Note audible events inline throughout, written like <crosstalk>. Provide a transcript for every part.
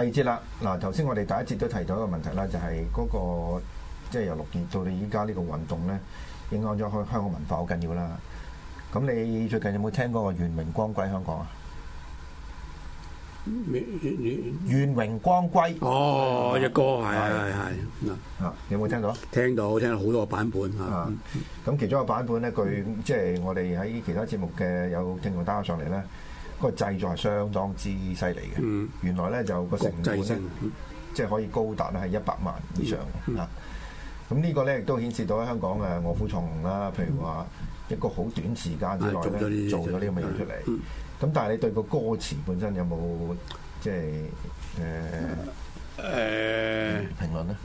第二節啦，嗱，頭先我哋第一節都提到一個問題啦，就係、是、嗰、那個即係、就是、由六月到你依家呢個運動咧，影響咗去香港文化好緊要啦。咁你最近有冇聽嗰、那個《願榮光歸香港》啊？願願榮光歸哦，一歌係係係，啊啊，是有冇聽到？聽到，聽到好多版本啊。咁其中一個版本咧，據即係、就是、我哋喺其他節目嘅有聽眾打上嚟咧。個製作係相當之犀利嘅，原來咧就個成本本、嗯、即係可以高達咧係一百萬以上、嗯、啊！咁呢個咧亦都顯示到喺香港誒臥虎藏龍啦，譬、嗯啊、如話一個好短時間之內咧做咗呢啲咁嘅嘢出嚟。咁、嗯、但係你對個歌詞本身有冇即係誒？呃嗯誒評論咧？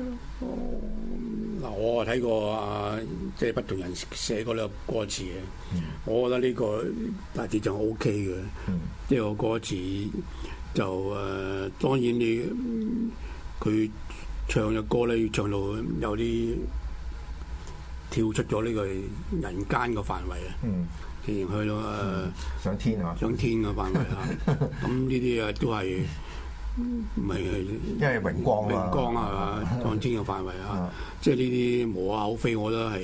嗱、呃，我睇過啊，即、就、係、是、不同人寫過呢個歌詞嘅。嗯、我覺得呢個大致就 O K 嘅。即係、嗯、個歌詞就誒、呃，當然你佢、嗯、唱嘅歌咧，要唱到有啲跳出咗呢個人間嘅範圍、嗯既呃、啊！圍 <laughs> 嗯，然去到誒上天啊！上天嘅範圍啊！咁呢啲啊都係。唔係，即係榮光啊榮光啊嘛，抗爭嘅範圍啊，即係呢啲無話口非，我都係，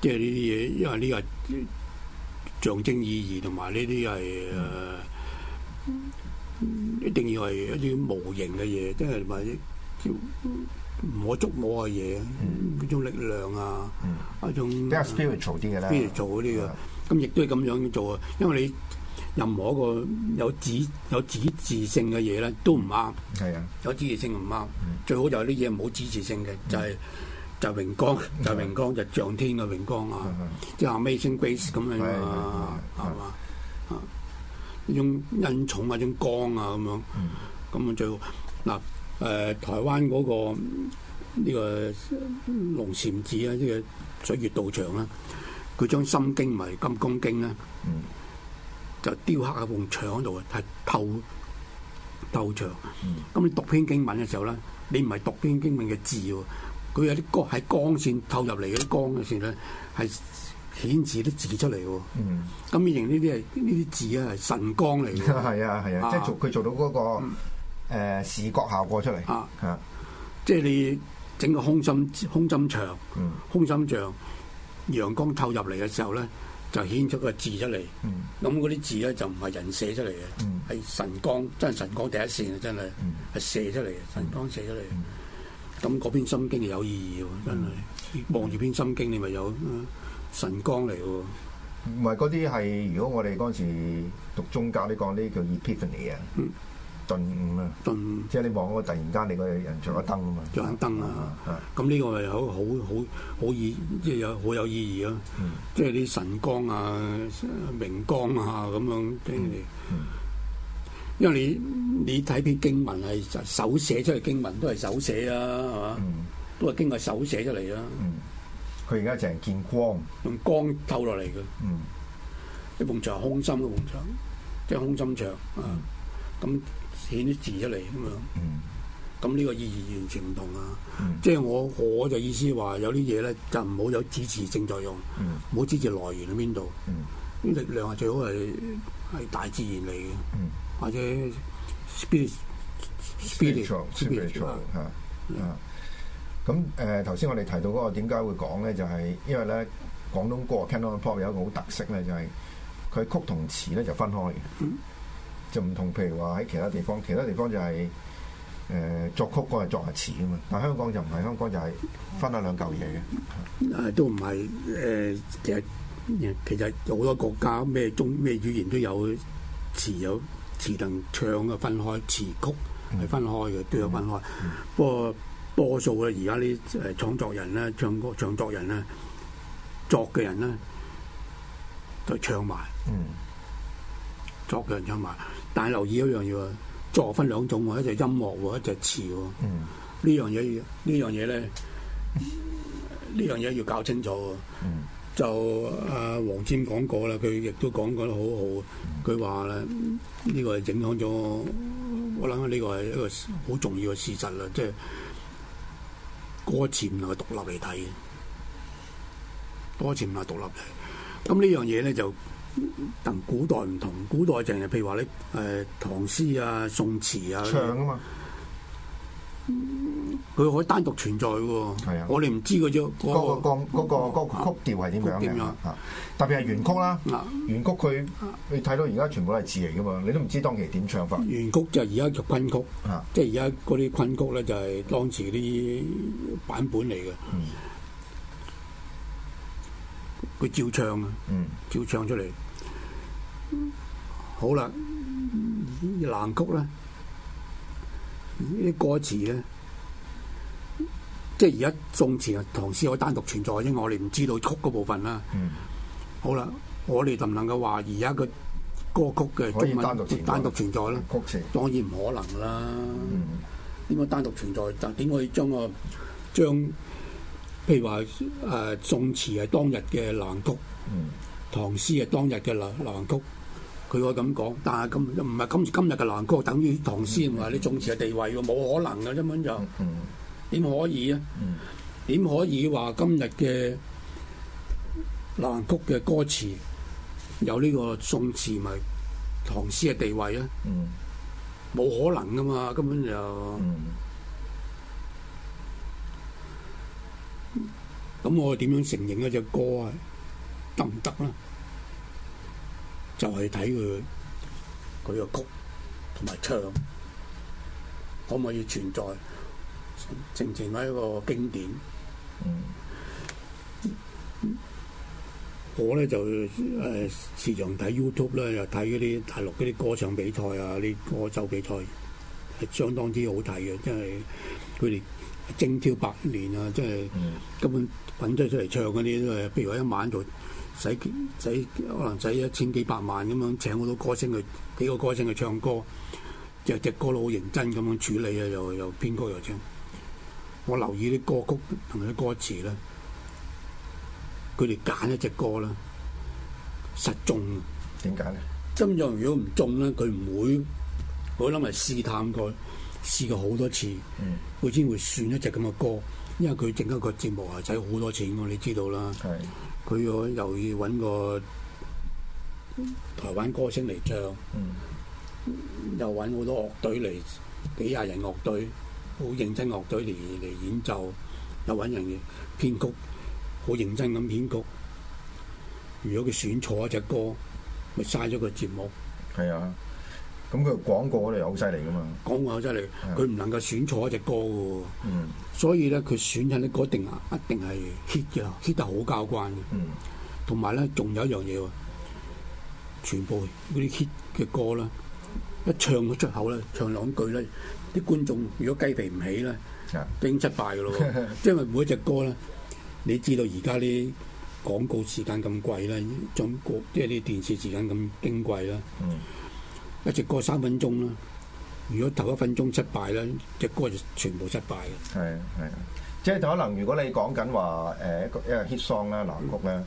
即係呢啲嘢，因為呢個象徵意義同埋呢啲係誒，一定要係一啲無形嘅嘢，即係咪叫唔可捉摸啊嘢，一種力量啊，一種比較 spiritual 啲嘅咧，spiritual 嗰啲啊，咁亦都係咁樣做啊，因為你。任何一個有指有指示性嘅嘢咧，都唔啱。係啊，有指示性唔啱。最好就係啲嘢冇指示性嘅，就係就榮光，就榮光，就象天嘅榮光啊，即係 Amazing Grace 咁樣啊，係嘛？啊，呢種恩寵啊，一種光啊，咁樣。咁啊，最好嗱誒，台灣嗰個呢個龍禪寺啊，呢個水月道場啦，佢將心經同埋金剛經咧。就雕刻喺埲牆度啊，係透透牆。咁、嗯嗯、你讀篇經文嘅時候咧，你唔係讀篇經文嘅字喎，佢有啲光係光線透入嚟啲光嘅線咧，係顯示啲字出嚟喎。咁變形、嗯、呢啲係呢啲字啊係神光嚟嘅。係啊係啊，啊啊即係做佢做到嗰個誒視覺效果出嚟。係即係你整個空心空心牆，空心像、陽光透入嚟嘅時候咧。就顯出個字出嚟，咁嗰啲字咧就唔係人寫出嚟嘅，係、嗯、神光，真係神光第一線啊！真係係射出嚟嘅神光射出嚟，咁嗰篇心經就有意義喎，真係望住篇心經你咪有神光嚟喎，唔係嗰啲係如果我哋嗰陣時讀宗教咧講呢叫 epiphany 啊、嗯。頓悟啊！頓，即係你望嗰個突然間，你個人着咗燈啊嘛！着緊燈啊！咁呢個係好好好好意，即係有好有意義啊。即係啲神光啊、明光啊咁樣俾你。因為你你睇啲經文係手寫出嚟，經文都係手寫啊，係嘛？都係經過手寫出嚟啦。佢而家淨係見光，用光透落嚟嘅。嗯，啲埲牆空心嘅埲牆，即係空心牆啊。咁顯啲字出嚟咁樣，咁呢 <noise> 個意義完全唔同啊！即係 <noise> 我我就意思話，有啲嘢咧就唔、是、好有支持性作用，唔好 <noise> 支持來源喺邊度。 <noise> 力量係，最好係係大自然嚟嘅， <noise> 或者 spiritual，spiritual 嚇嚇 Spiritual。咁誒頭先我哋提到嗰個點解會講咧，就係、是、因為咧廣東，東歌 Cantopop 有一個好特色咧，就係、是、佢曲同詞咧就分開嘅。 <music> 就唔同，譬如話喺其他地方，其他地方就係、是、誒、呃、作曲嗰個作下詞啊嘛。但香港就唔係，香港就，就係分咗兩嚿嘢嘅，誒、嗯嗯、是都唔係誒。其實其實好多國家咩中咩語言都有詞有詞能唱嘅分開詞曲係分開嘅，嗯、都有分開。嗯、不過波數咧、啊，而家啲誒創作人咧、唱歌唱作人咧、作嘅人咧都唱埋，嗯，作嘅人唱埋。但係留意一樣嘢喎，作為分兩種，一隻音樂，一隻詞，嗯。呢樣嘢要呢樣嘢咧，呢樣嘢要搞清楚喎。就阿黃霑講過啦，佢亦都講過得好好。佢話咧，呢個係影響咗我諗呢個係一個好重要嘅事實啦，即係歌詞唔係獨立嚟睇，歌詞唔係獨立嚟。咁呢樣嘢咧就。同古代唔同，古代淨係譬如話你誒唐詩啊、宋詞啊，唱啊嘛，佢可以單獨存在喎。係的啊，我哋唔知佢咗嗰個嗰個曲調係點樣嘅。特別係原曲啦，啊、原曲佢你睇到而家全部都係字嚟噶嘛，你都唔知當期點唱法。原曲就而家叫昆曲，啊、即係而家嗰啲昆曲咧，就係當時啲版本嚟嘅。佢、嗯嗯、照唱啊，照唱出嚟。好啦，南曲呢啲歌詞咧，即係而家宋詞啊、唐詩可以單獨存在，因為我哋唔知道曲嗰部分啦。嗯、好啦，我哋就唔能夠話而家個歌曲嘅中文可以單獨存在咧，當然唔可能啦。嗯。點解單獨存在？但點可，嗯、可以將個將，譬如話誒、呃，宋詞係當日嘅南曲，嗯、唐詩係當日嘅南南曲。佢可以咁講，但係咁唔係今今日嘅流行曲等於唐詩唔係你宋詞嘅地位喎，冇可能嘅，根本就，點可以啊？點可以話今日嘅流行曲嘅歌詞有呢個宋詞咪唐詩嘅地位啊？冇可能噶嘛，根本就，咁我點樣承認呢隻歌啊？得唔得啦？就係睇佢佢個曲同埋唱可唔可以存在，成成係一個經典。嗯、我咧就誒、呃、時常睇 YouTube 咧，又睇嗰啲大陸嗰啲歌唱比賽啊，啲歌手比賽係相當之好睇嘅，即係佢哋精挑百年啊，即、就、係、是、根本品質出嚟唱嗰啲都係，譬如話一晚做。使使可能使一千幾百萬咁樣請好多歌星去，幾個歌星去唱歌，隻隻歌都好認真咁樣處理啊！又又編曲又唱，我留意啲歌曲同啲歌詞啦，佢哋揀一隻歌啦，實中。點解咧？真若如果唔中咧，佢唔會，我諗係試探佢，試過好多次，佢先會選一隻咁嘅歌。因為佢整一個節目係使好多錢噶你知道啦。佢的又要搵個台灣歌星嚟唱，嗯、又搵好多樂隊嚟，幾廿人樂隊好認真樂隊嚟嚟演奏，又搵人嘅編曲，好認真咁編曲。如果佢選錯一隻歌，咪嘥咗個節目。係啊。咁佢廣告嗰度又好犀利噶嘛？廣告好犀利，佢唔是的 能夠選錯一隻歌噶喎。嗯。所以咧，佢選緊嗰啲歌定一定係 hit 嘅，hit 得好交關嘅。嗯呢。同埋咧，仲有一樣嘢喎，全部嗰啲 hit 嘅歌咧，一唱到出口咧，唱兩句咧，啲觀眾如果雞皮唔起咧，已經失敗噶咯。即係是的 <laughs> 每隻歌咧，你知道而家啲廣告時間咁貴咧，將即係啲電視時間咁矜貴咧。嗯。一隻歌三分鐘啦，如果頭一分鐘失敗咧，隻歌就全部失敗嘅。係啊，係啊，即係可能如果你講緊話誒一個一個 hit song 啦，藍曲咧，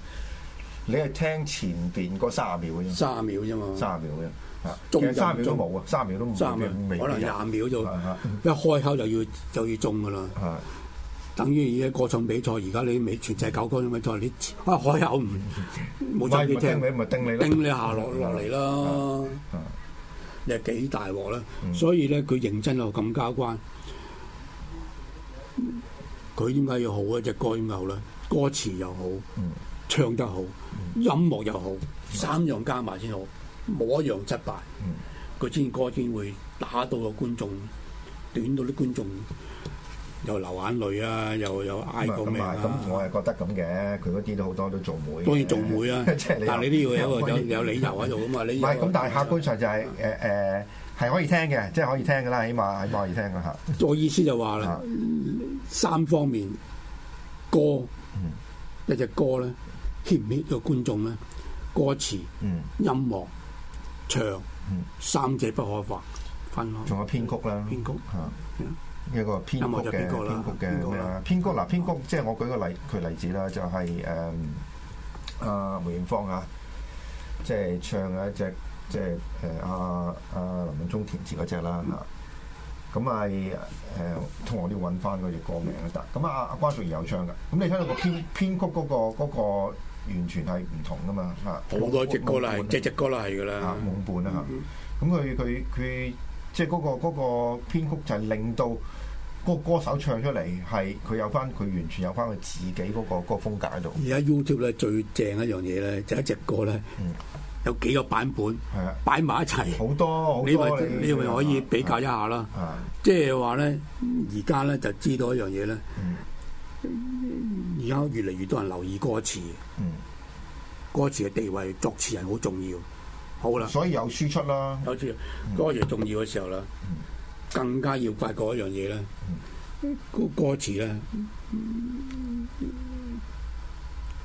你係聽前邊嗰卅秒嘅啫，卅秒啫嘛，卅秒啫，嚇，其實卅秒都冇啊，卅秒都冇，卅秒可能廿秒就一開口就要就要中噶啦，等於而家歌唱比賽，而家你未全世九歌啲咩賽，你啊海友唔冇走去聽，咪定你叮你下落落嚟咯。又幾大鑊啦！所以咧，佢認真又咁交關，佢點解要好一隻歌牛咧？歌詞又好，唱得好，音樂又好，三樣加埋先好，冇一樣失敗，佢先歌先會打到個觀眾，短到啲觀眾。又流眼淚啊！又有嗌過咩？咁我係覺得咁嘅，佢嗰啲都好多都做會，當然做會啊！你，但你都要有有理由喺度啊嘛！唔係咁，但係客觀上就係誒誒係可以聽嘅，即係可以聽噶啦，起碼起碼可以聽噶嚇。我意思就話啦，三方面歌，一隻歌咧 hit 唔 hit 個觀眾咧，歌詞、音樂、唱，三者不可分開。仲有編曲啦，編曲嚇。一個編曲嘅編曲嘅咩啊？編曲嗱，編曲即係我舉個例舉例子啦，就係誒，阿梅艷芳啊，即係唱嗰隻即係誒阿阿林敏驄填詞嗰隻啦吓。咁係誒，同我都要揾翻嗰隻歌名得。咁啊阿、啊、阿、啊、關淑怡有唱噶。咁你睇到個編編曲嗰個嗰個，個完全係唔同噶嘛。好多隻歌啦，隻隻歌啦係噶啦，夢伴啦吓。咁佢佢佢即係嗰個嗰個編曲就係令到。個歌手唱出嚟係佢，有翻佢完全有翻佢自己嗰個嗰個風格喺度。而家 YouTube 咧最正一樣嘢咧，就係一隻歌咧有幾個版本，擺埋一齊好多。你咪你咪可以比較一下啦。即係話咧，而家咧就知道一樣嘢咧，而家越嚟越多人留意歌詞。歌詞嘅地位，作詞人好重要。好啦，所以有輸出啦，有輸出歌詞重要嘅時候啦。更加要發覺一樣嘢咧，個歌詞咧，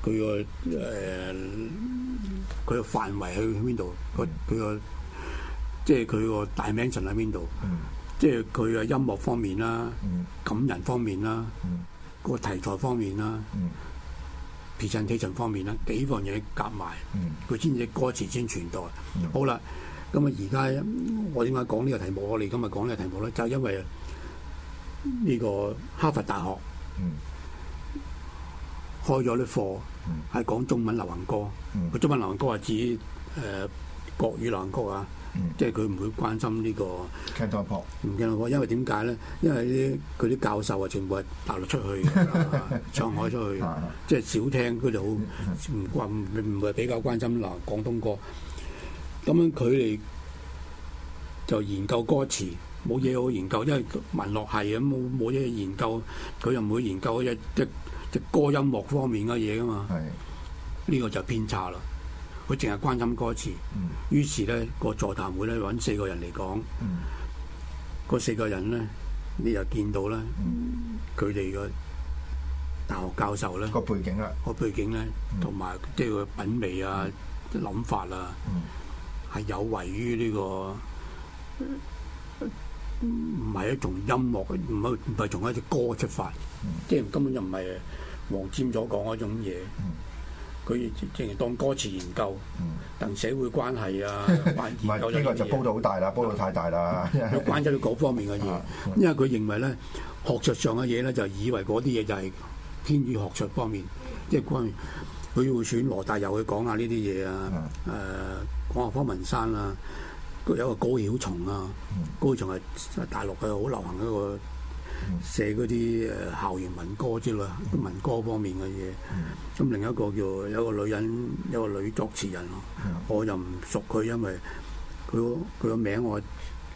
佢個誒，佢個範圍喺喺邊度？佢佢個即係佢個 dimension 喺邊度？即係佢嘅音樂方面啦，感人方面啦，個題材方面啦，presentation 方面啦，幾樣嘢夾埋，佢先至歌詞先存在。好啦。咁啊！而家我點解講呢個題目？我哋今日講呢個題目咧，就係、是、因為呢個哈佛大學開咗啲課，係講中文流行歌。佢、嗯、中文流行歌係指誒、呃、國語流行歌啊，嗯、即係佢唔會關心呢、這個。聽多啲，唔聽多啲，因為點解咧？因為啲佢啲教授啊，全部係大陸出去、 <laughs> 上海出去，即係少聽，佢就好唔關唔唔係比較關心嗱廣東歌。咁樣佢哋就研究歌詞，冇嘢好研究，因為文樂係咁冇冇嘢研究。佢又唔會研究一一一歌音樂方面嘅嘢噶嘛？係呢是的 個就偏差啦。佢淨係關心歌詞，嗯、於是咧個座談會咧揾四個人嚟講，嗰、嗯、四個人咧你又見到啦，佢哋嘅大學教授咧個背景啦，個背景咧同埋即係佢嘅品味啊、諗法啊。嗯係有違於呢、這個唔係一種音樂，唔係唔係從一隻歌出發，嗯、即係根本就唔係黃霑所講嗰種嘢。佢、嗯、淨係當歌詞研究，同、嗯、社會關係啊，研究唔係，呢、 <laughs> 這個就煲到好大啦，煲到太大啦。佢 <laughs> 關於嗰方面嘅嘢，啊、因為佢認為咧，學術上嘅嘢咧就以為嗰啲嘢就係偏於學術方面，即、就、係、是、關於。佢會選羅大佑去講下呢啲嘢啊，誒、mm. 呃、講下方文山啊，都有個高曉松啊，mm. 高曉松係大陸嘅好流行一個、mm. 寫嗰啲誒校園民歌之類，mm. 民歌方面嘅嘢。咁、mm. 另一個叫有一個女人，有個女作詞人咯，mm. 我又唔熟佢，因為佢佢個名我。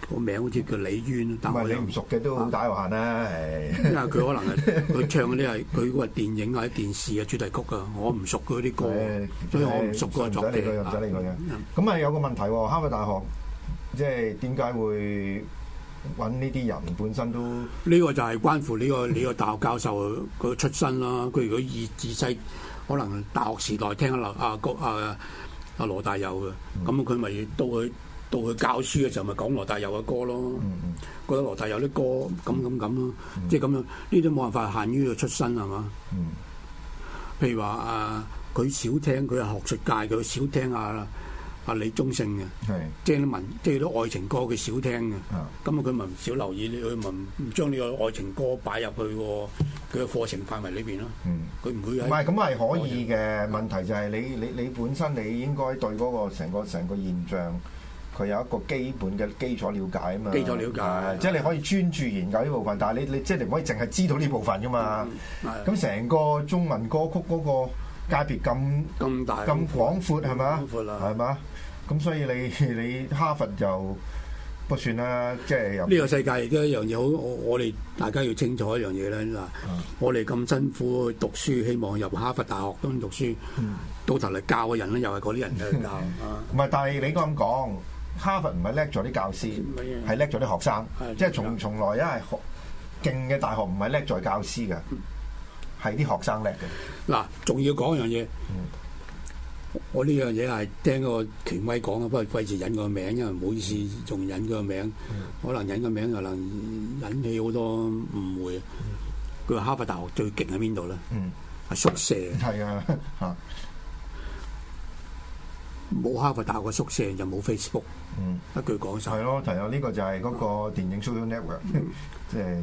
個名好似叫李淵，但係我唔你唔熟嘅都好歹話啦， <laughs> 因為佢可能係佢唱嗰啲係佢嗰個電影或者電視嘅主題曲啊，我唔熟佢啲歌，的所以我唔熟佢嘅、嗯、用作品啊。咁啊，有個問題喎，哈佛大學即係點解會揾呢啲人？本身都呢個就係關乎呢、這個呢、這個大學教授個出身啦。佢如果以自細可能大學時代聽下劉阿哥啊、阿、啊啊啊啊、羅大佑嘅，咁佢咪都會。到佢教書嘅時候，咪講羅大佑嘅歌咯。覺得羅大佑啲歌咁咁咁咯，即係咁樣。呢啲冇辦法限於佢出身係嘛？譬如話啊，佢少聽佢係學術界，佢少聽阿阿李宗盛嘅，即係啲文，即係啲愛情歌，佢少聽嘅。咁啊，佢咪唔少留意你，去咪唔將呢個愛情歌擺入去佢嘅課程範圍裏邊咯。佢唔會唔係咁係可以嘅。問題就係你你你本身，你應該對嗰個成個成個現象。佢有一個基本嘅基礎了解啊嘛，基礎了解，即係你可以專注研究呢部分，但係你你即係唔可以淨係知道呢部分㗎嘛。咁成個中文歌曲嗰個界別咁咁大咁廣闊係咪？廣闊係嘛？咁所以你你哈佛就不算啦，即係呢個世界亦都一樣嘢好，我哋大家要清楚一樣嘢咧嗱，我哋咁辛苦讀書，希望入哈佛大學咁樣讀書，到頭嚟教嘅人咧又係嗰啲人教。唔係，但係你咁講。哈佛唔係叻咗啲教師，係叻咗啲學生。即係從從來因係學勁嘅大學，唔係叻在教師嘅，係啲學生叻嘅。嗱，仲要講一樣嘢，我呢樣嘢係聽個權威講咯，不過費事引個名，因為唔好意思仲引個名，可能引個名又能引起好多誤會。佢話哈佛大學最勁喺邊度咧？係宿舍。係啊，係。冇哈佛大學嘅宿舍，就冇 Facebook。嗯，一句講晒係咯，就有呢個就係嗰個電影 social network，即係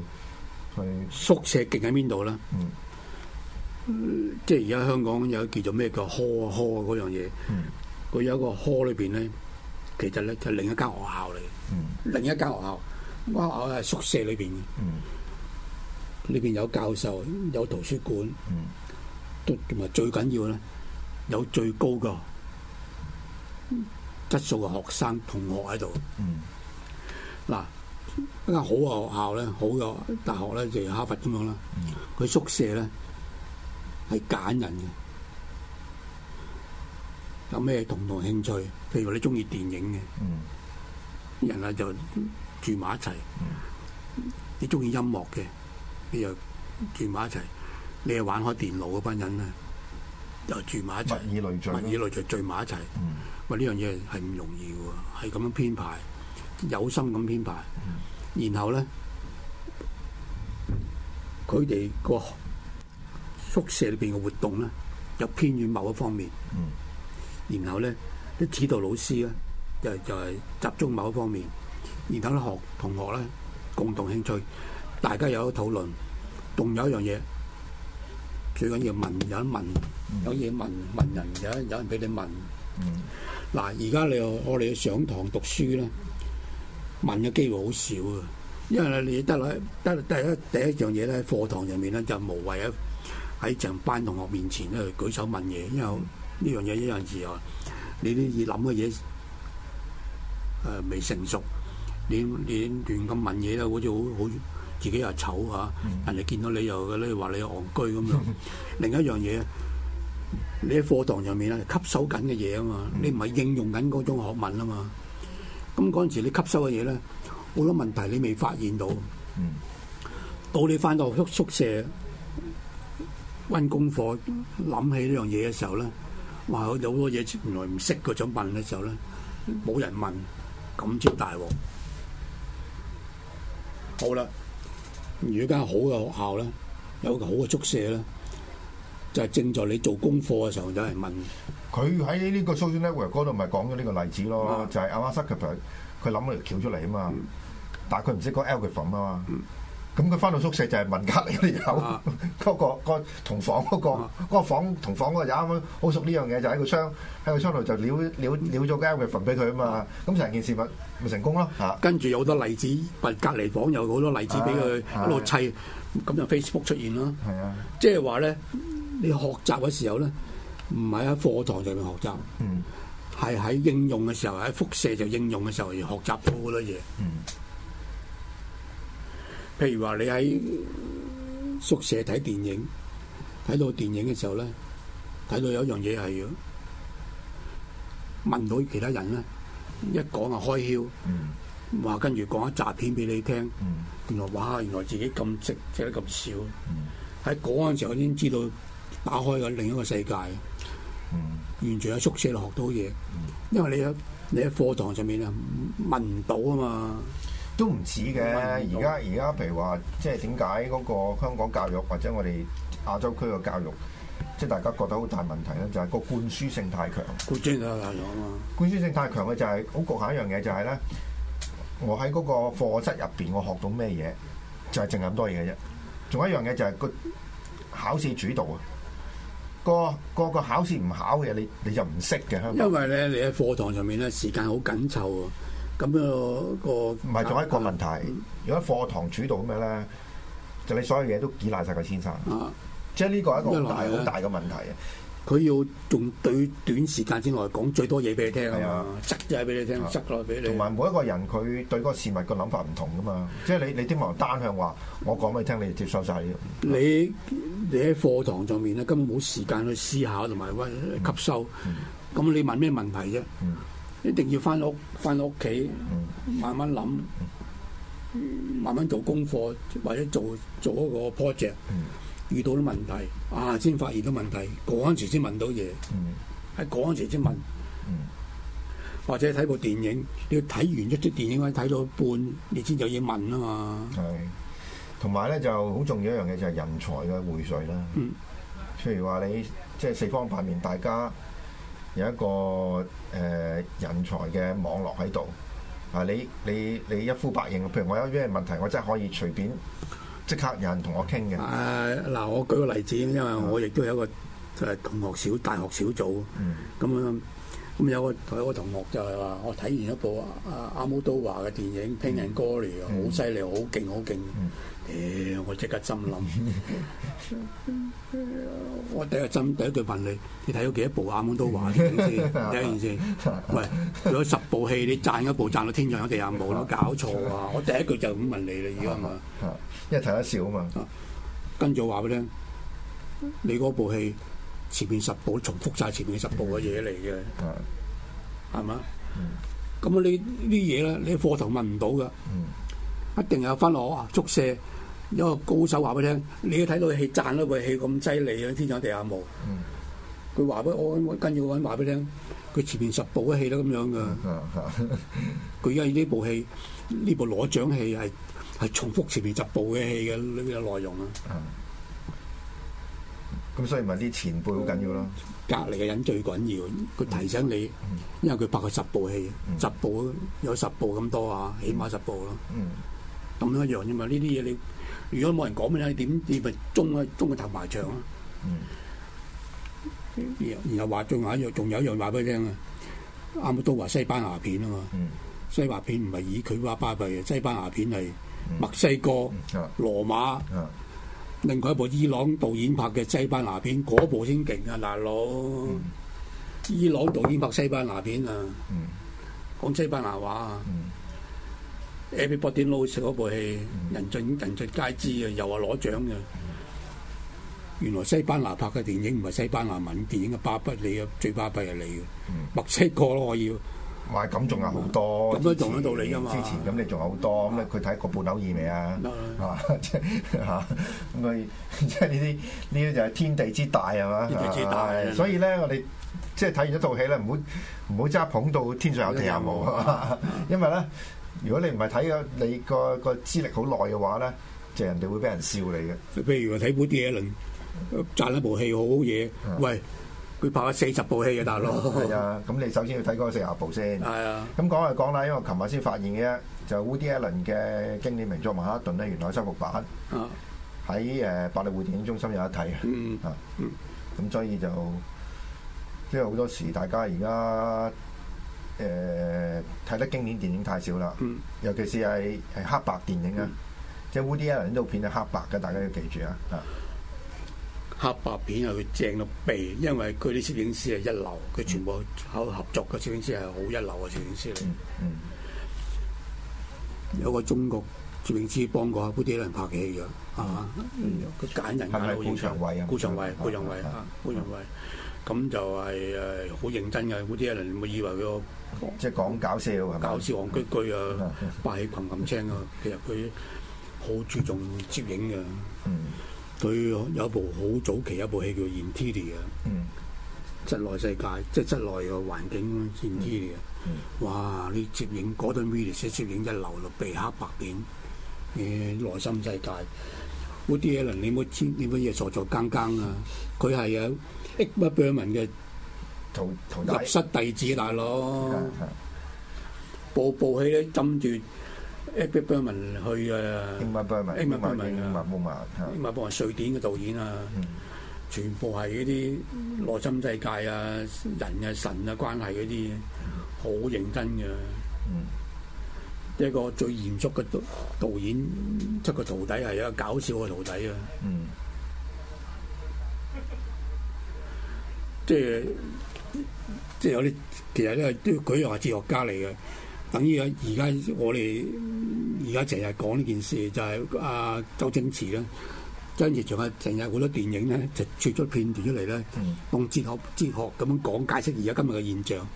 佢宿舍勁喺邊度啦。嗯，即係而家香港有叫做咩叫科科嗰樣嘢。嗯，佢有一個科裏邊咧，其實咧就另一間學校嚟。嗯，另一間學校，學校係宿舍裏邊嘅。嗯，裏邊有教授，有圖書館。嗯，都同埋最緊要咧，有最高噶。質素嘅學生同學喺度，嗱、嗯、一間好嘅學校咧，好嘅大學咧，就係、是、哈佛咁樣啦。佢、嗯、宿舍咧係揀人嘅，有咩共同興趣？譬如你中意電影嘅，嗯、人啊就住埋一齊、嗯；你中意音樂嘅，你又住埋一齊；你又玩開電腦嗰班人啊。就住埋一齊，物以類聚，物以類聚聚埋一齊。喂，呢樣嘢係唔容易嘅喎，係咁樣編排，有心咁編排。然後咧，佢哋個宿舍裏邊嘅活動咧，又偏於某一方面。然後咧，啲指導老師咧，就就係集中某一方面。然後咧，學同學咧，共同興趣，大家有討論，仲有一樣嘢。最緊要問有得問，有嘢問問人，有有人俾你問。嗱，而家你我哋上堂讀書咧，問嘅機會好少啊。因為你得嚟得第一第一樣嘢咧，課堂入面咧，就無謂喺喺成班同學面前咧去舉手問嘢，因為呢樣嘢一樣字啊，你啲要諗嘅嘢誒未成熟，你你亂咁問嘢咧，好似好好。自己又醜嚇，人哋見到你又咧話你戇居咁樣。另一樣嘢，你喺課堂上面咧吸收緊嘅嘢啊嘛，你唔係應用緊嗰種學問啊嘛。咁嗰陣時你吸收嘅嘢咧好多問題你未發現到，到你翻到宿宿舍溫功課，諗起呢樣嘢嘅時候咧，哇！有好多嘢原來唔識想問嘅時候咧，冇人問，咁即大鑊。好啦。如果間好嘅學校咧，有個好嘅宿舍咧，就係、是、正在你做功課嘅時候，有人問佢。佢喺呢個《Social Network》嗰度咪講咗呢個例子咯，嗯、就係阿馬斯克佢佢諗咗條橋出嚟啊、嗯、嘛，但係佢唔識講 elephant 啊嘛。咁佢翻到宿舍就係問隔離啲友，嗰個同房嗰個，嗰個房同房嗰個就啱啱好熟呢樣嘢，就喺個窗喺個窗度就撩了咗間屋焚俾佢啊嘛，咁成件事咪咪成功咯。跟住有好多例子，隔離房有好多例子俾佢一路砌，咁就 Facebook 出現咯。係啊，即係話咧，你學習嘅時候咧，唔係喺課堂上面學習，係喺應用嘅時候，喺輻射就應用嘅時候而學習好多嘢。譬如話你喺宿舍睇電影，睇到電影嘅時候咧，睇到有一樣嘢係要問到其他人咧，一講啊開竅，話、嗯、跟住講一集片俾你聽，原來、嗯、哇原來自己咁識識得咁少，喺講嘅時候先知道打開咗另一個世界，完全喺宿舍度學到嘢，因為你喺你喺課堂上面啊問唔到啊嘛。都唔似嘅，而家而家譬如話，即係點解嗰個香港教育或者我哋亞洲區嘅教育，即係大家覺得好大問題咧，就係個灌輸性太強。灌輸灌輸性太強嘅就係好局限一樣嘢，就係咧，我喺嗰個課室入邊，我學到咩嘢，就係淨咁多嘢嘅啫。仲有一樣嘢就係個考試主導啊，個個個考試唔考嘅你你就唔識嘅，香港。因為咧，你喺課堂上面咧，時間好緊湊啊。咁樣、那個唔係仲有一個問題，如果課堂主導咁咩咧，就你所有嘢都依賴晒個先生、啊、即係呢個係一個好大嘅問題啊！佢要仲對短時間之內講最多嘢俾你聽啊，塞嘢俾你聽，塞落俾你。同埋每一個人佢對嗰個事物個諗法唔同噶嘛，即係你你啲人單向話，我講俾你聽，你接受晒、啊。你你喺課堂上面咧，根本冇時間去思考同埋吸收，咁、嗯嗯、你問咩問題啫？嗯一定要翻屋，翻屋企，慢慢諗，慢慢做功課，或者做做嗰個 project，、嗯、遇到啲問題，啊，先發現到問題，嗰陣時先問到嘢，喺嗰陣時先問，嗯、或者睇部電影，你要睇完一出電影，可以睇到一半，你先有嘢問啊嘛。係，同埋咧就好重要一樣嘢就係人才嘅匯水啦。嗯，譬如話你即係、就是、四方八面，大家。有一個誒人才嘅網絡喺度，啊你你你一呼百應，譬如我有啲咩問題，我真係可以隨便即刻有人同我傾嘅。誒嗱、啊啊，我舉個例子，因為我亦都有個誒、就係、同學小大學小組，嗯，咁樣。咁、嗯、有個佢有個同學就係話：我睇完一部阿、啊啊、阿姆多華嘅電影《Pain and Glory》，好犀利，好勁、嗯，好勁。誒、嗯哎，我即刻心諗，嗯、 <laughs> 我第一針第，第一句問你：你睇咗幾多部阿姆多華電影先？第一件先。喂，如果十部戲，你讚一部，讚到天上有地下冇，咯，搞錯啊！我第一句就咁問你啦，而家 <laughs> 嘛，因為睇得少啊嘛。跟住話俾你聽，你嗰部戲。前面十部重複曬前面十部嘅嘢嚟嘅，係嘛？咁你，呢啲嘢咧，你喺課堂問唔到噶，一定有返學啊！宿舍有個高手話俾你聽，你要睇到佢戲讚到部戲咁犀利嘅天上地下冇。佢話俾我跟住我話俾你聽，佢前面十部嘅戲都咁樣噶。佢而家呢部戲，呢部攞獎戲係係重複前面十部嘅戲嘅呢啲內容啊。咁所以咪啲前輩好緊要咯，隔籬嘅人最緊要，佢提醒你，因為佢拍過十部戲，十部有十部咁多啊，起碼十部咯，咁樣一樣啫嘛。呢啲嘢你如果冇人講俾你，點你咪中啊中個頭埋牆啊！然後話仲有一樣，仲有一樣話俾你聽啊，啱啱都話西班牙片啊嘛，西班牙片唔係以佢話巴閉嘅，西班牙片係墨西哥、羅馬。另外一部伊朗導演拍嘅西班牙片，嗰部先勁啊！嗱，攞、嗯、伊朗導演拍西班牙片啊，嗯、講西班牙話啊 Everybody Knows 嗰、嗯、部戲、嗯、人盡人盡皆知啊。又話攞獎嘅、啊。嗯、原來西班牙拍嘅電影唔係西班牙文電影嘅，巴不你啊，最巴閉係你嘅，墨西哥咯我要。哇！咁仲有好多，咁都做到道理噶嘛？之前咁你仲有好多咁咧，佢睇過半頭二未啊？係嘛？即係嚇，咁咪即係呢啲呢啲就係天地之大係嘛？天地之大，所以咧我哋即係睇完一套戲咧，唔好唔好揸捧到天上有地下冇！啊！因為咧，如果你唔係睇咗你個個資歷好耐嘅話咧，就人哋會俾人笑你嘅。譬如話睇本《啲嘢，一輪賺一部戲好好嘢，喂！佢拍咗四十部戲嘅大佬。係啊，咁、 <laughs> <laughs> 啊、你首先要睇嗰四十部先。係啊。咁講嚟講啦，因為琴日先發現嘅啫，就是、Woody Allen 嘅經典名作《曼克頓》呢，原來修復版。喺誒百老匯電影中心有得睇、嗯嗯、啊。咁所以就，即係好多時大家而家，誒、呃、睇得經典電影太少啦。嗯、尤其是係係黑白電影啊，嗯嗯、即係 Woody Allen 呢套片係黑白嘅，大家要記住啊。啊。黑白片啊，佢正到鼻，因為佢啲攝影師係一流，佢全部考合作嘅攝影師係好一流嘅攝影師嚟。有個中國攝影師幫過古天樂拍戲嘅，係嘛？佢揀人揀得好長衛啊，顧長衛，顧長衛，顧長衛，咁就係誒好認真嘅。古天樂你咪以為佢即係講搞笑搞笑王居居啊，拍戲群咁青啊，其實佢好注重攝影嘅。對， <music> 有一部好早期一部戲叫《Interiors》嘅，嗯，室內世界，即係室內嘅環境咯，《Interiors》嘅，哇！你攝影嗰陣 Willis 攝影一流落鼻黑白點，誒內心世界，嗰啲嘢啦，你冇知你乜嘢傻傻更更啊！佢係有 Bergman 嘅入室弟子大佬，部部戲咧浸住。英瑪褒曼去啊，英瑪褒曼，英瑪褒曼，啊，英瑪，褒曼，英瑪褒曼啊、瑞典嘅導演啊，嗯、全部係嗰啲內心世界啊、人啊、神啊關係嗰啲，好認真嘅。嗯、一個最嚴肅嘅導演出個徒弟係一個搞笑嘅徒弟啊。即係即係有啲其實都係都佢又係哲學家嚟嘅。等於而家我哋而家成日講呢件事就、啊，就係阿周星馳啦，星馳仲有成日好多電影咧，就出咗片段出嚟咧，用哲學哲學咁樣講解釋而家今日嘅現象。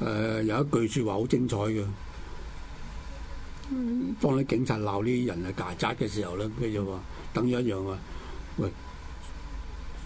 誒、呃、有一句説話好精彩嘅，當你警察鬧呢啲人係曱甴嘅時候咧，佢就話等於一樣啊，喂！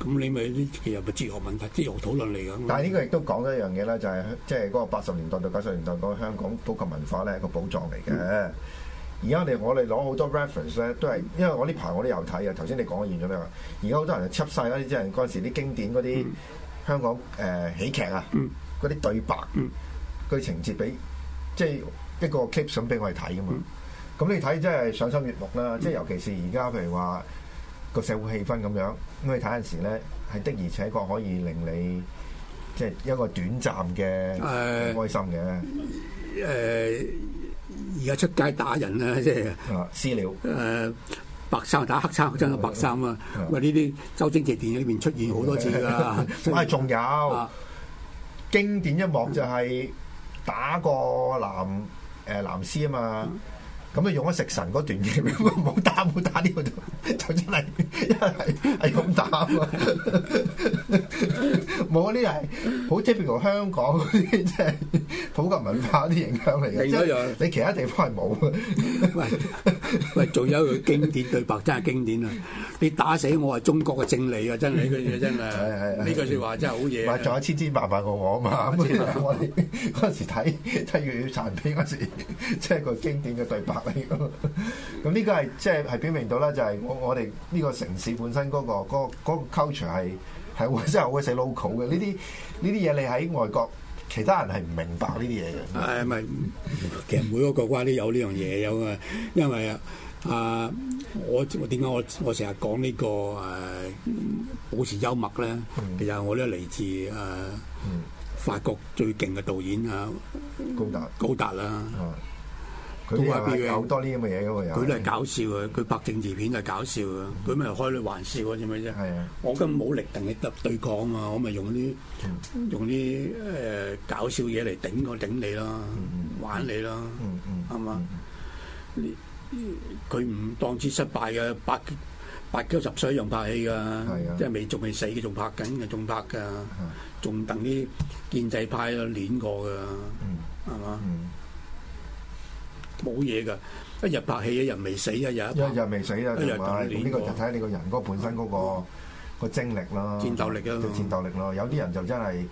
咁你咪呢啲又咪哲學問題、哲學討論嚟嘅？嗯、但係呢個亦都講咗一樣嘢啦，就係即係嗰個八十年代到九十年代嗰個香港普及文化咧，係一個寶藏嚟嘅。而家你我哋攞好多 reference 咧，都係因為我呢排我都有睇嘅。頭先你講完咗咩話？而家好多人輯曬嗰啲即係嗰陣時啲經典嗰啲香港誒、呃、喜劇啊，嗰啲、嗯、對白、佢、嗯嗯、情節俾即係一個 keep 上俾我哋睇嘅嘛。咁、嗯嗯、你睇真係賞心悅目啦，即係、嗯、尤其是而家譬如話。個社會氣氛咁樣，咁你睇陣時咧，係的而且確可以令你即係、就是、一個短暫嘅、呃、開心嘅。誒、呃，而家出街打人咧，即、就、係、是啊、私了。誒、呃，白衫打黑衫，真係白衫啊！喂、啊，呢啲、啊、周星馳電影裏邊出現好多次㗎。喂 <laughs> 有，仲有、啊、經典一幕就係打個男誒男屍啊嘛！嗯咁啊用咗食神嗰段嘢，冇打冇打呢、呢個就真係一係係咁打啊！冇啊， <laughs> 呢啲係好特別，同香港嗰啲即係普及文化嗰啲影響嚟嘅。另一樣，你其他地方係冇嘅。喂，做咗個經典對白，真係經典啊！你打死我係中國嘅正理啊！真係呢句嘢真係，呢句説話真係好嘢。 <laughs> 話仲有千千萬萬個我啊嘛！嗯、 <laughs> 我哋嗰時睇睇《粵語殘片》嗰時，即係個經典嘅對白。咁呢 <laughs> 個係即係係表明到啦，就係、是、我我哋呢個城市本身嗰、那個嗰 culture 係係真係好鬼死 local 嘅呢啲呢啲嘢，那個那個、會會你喺外國其他人係唔明白呢啲嘢嘅。係咪？哎？其實每個國家都有呢樣嘢，有啊。因為啊啊，我我點解我我成日講呢個誒、啊、保持幽默咧？其實我都係嚟自誒、啊、法國最勁嘅導演啊、嗯嗯，高達高達啦。嗯佢話：邊樣好多呢咁嘅嘢佢都係搞笑嘅，佢拍政治片係搞笑嘅，佢咪開你玩笑啊？之咪啫。我咁冇力同你對對抗啊！我咪用啲用啲誒搞笑嘢嚟頂我頂你啦，玩你啦，係嘛？佢唔當之失敗嘅，八八九十歲一樣拍戲㗎，即係未仲未死嘅，仲拍緊嘅，仲拍㗎，仲等啲建制派攣過㗎，係嘛？冇嘢噶，一日拍戲一日未死一日一日未死啊，呢個就睇你個人嗰個本身嗰、嗰個、嗯、精力咯，戰鬥力啊，個戰鬥力咯，有啲人就真係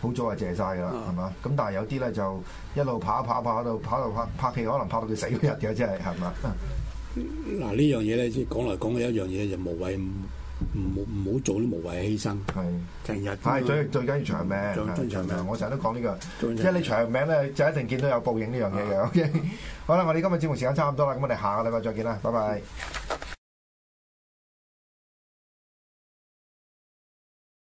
好早啊謝晒噶啦，係嘛、嗯？咁但係有啲咧就一路跑跑跑,跑,跑,跑,跑,跑,跑,跑,跑到跑到拍拍戲，可能拍到佢死嗰日嘅，真係係嘛？嗱、這個、呢樣嘢咧，即係講來講去一樣嘢就無謂。唔好唔好做啲無謂犧牲，係，成日，係、哎、最最緊要長命，長命我成日都講呢個，因為你長命咧就一定見到有報應呢樣嘢嘅。OK，好啦，我哋今日節目時間差唔多啦，咁我哋下個禮拜再見啦，拜拜。